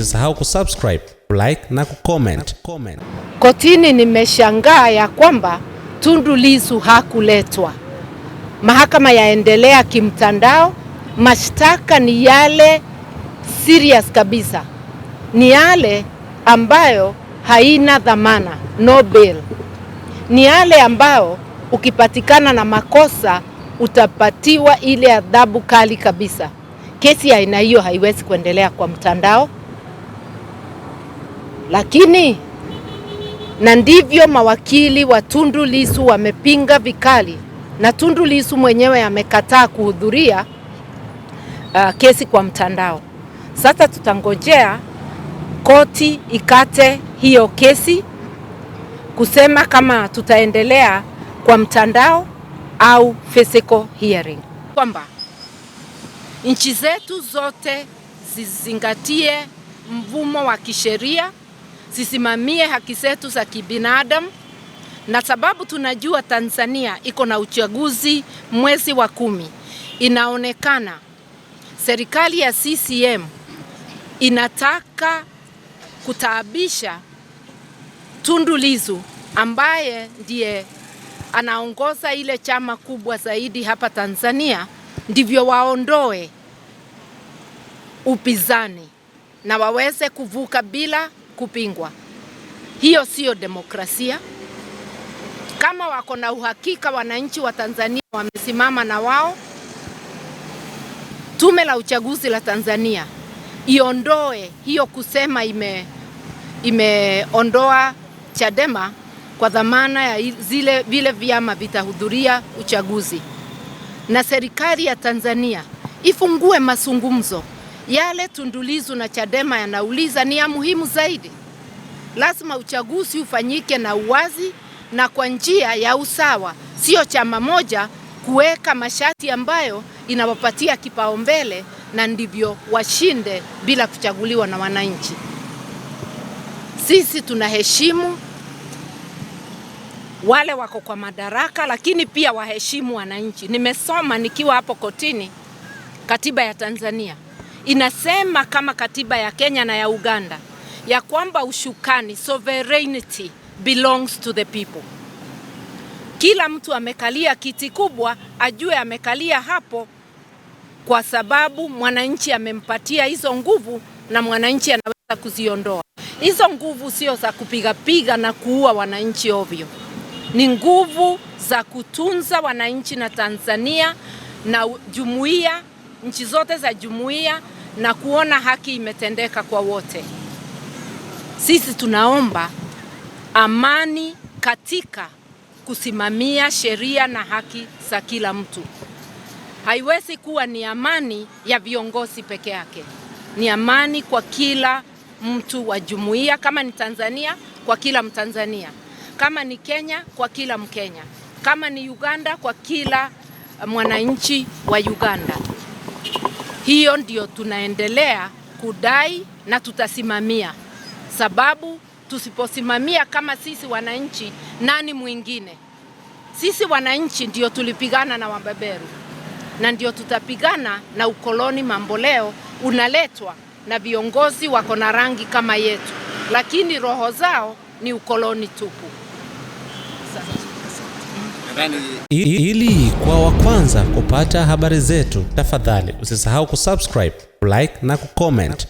Usisahau kusubscribe, like na kucomment. Kotini nimeshangaa ya kwamba Tundu Lissu hakuletwa. Mahakama yaendelea kimtandao, mashtaka ni yale serious kabisa, ni yale ambayo haina dhamana, no bail, ni yale ambayo ukipatikana na makosa utapatiwa ile adhabu kali kabisa. Kesi ya aina hiyo haiwezi kuendelea kwa mtandao lakini na ndivyo mawakili wa Tundu Lisu wamepinga vikali, na Tundu Lisu mwenyewe amekataa kuhudhuria uh, kesi kwa mtandao. Sasa tutangojea koti ikate hiyo kesi kusema kama tutaendelea kwa mtandao au physical hearing, kwamba nchi zetu zote zizingatie mvumo wa kisheria zisimamie haki zetu za kibinadamu, na sababu tunajua Tanzania iko na uchaguzi mwezi wa kumi. Inaonekana serikali ya CCM inataka kutaabisha Tundu Lissu ambaye ndiye anaongoza ile chama kubwa zaidi hapa Tanzania, ndivyo waondoe upinzani na waweze kuvuka bila kupingwa. Hiyo siyo demokrasia. Kama wako na uhakika wananchi wa Tanzania wamesimama na wao, tume la uchaguzi la Tanzania iondoe hiyo kusema ime imeondoa Chadema kwa dhamana ya zile vile vyama vitahudhuria uchaguzi, na serikali ya Tanzania ifungue mazungumzo. Yale Tundulizu na Chadema yanauliza ni ya muhimu zaidi. Lazima uchaguzi ufanyike na uwazi na kwa njia ya usawa, sio chama moja kuweka masharti ambayo inawapatia kipaumbele na ndivyo washinde bila kuchaguliwa na wananchi. Sisi tunaheshimu wale wako kwa madaraka, lakini pia waheshimu wananchi. Nimesoma nikiwa hapo kotini katiba ya Tanzania inasema kama katiba ya Kenya na ya Uganda ya kwamba ushukani, sovereignty belongs to the people. Kila mtu amekalia kiti kubwa ajue amekalia hapo kwa sababu mwananchi amempatia hizo nguvu na mwananchi anaweza kuziondoa. Hizo nguvu sio za kupigapiga na kuua wananchi ovyo, ni nguvu za kutunza wananchi na Tanzania na jumuiya nchi zote za jumuiya na kuona haki imetendeka kwa wote. Sisi tunaomba amani katika kusimamia sheria na haki za kila mtu. Haiwezi kuwa ni amani ya viongozi peke yake, ni amani kwa kila mtu wa jumuiya. Kama ni Tanzania, kwa kila Mtanzania; kama ni Kenya, kwa kila Mkenya; kama ni Uganda, kwa kila mwananchi wa Uganda. Hiyo ndio tunaendelea kudai na tutasimamia, sababu tusiposimamia kama sisi wananchi, nani mwingine? Sisi wananchi ndio tulipigana na wabeberu na ndio tutapigana na ukoloni mamboleo unaletwa na viongozi wako na rangi kama yetu, lakini roho zao ni ukoloni tupu. Ili kwa wa kwanza kupata habari zetu, tafadhali usisahau kusubscribe, like na kucomment.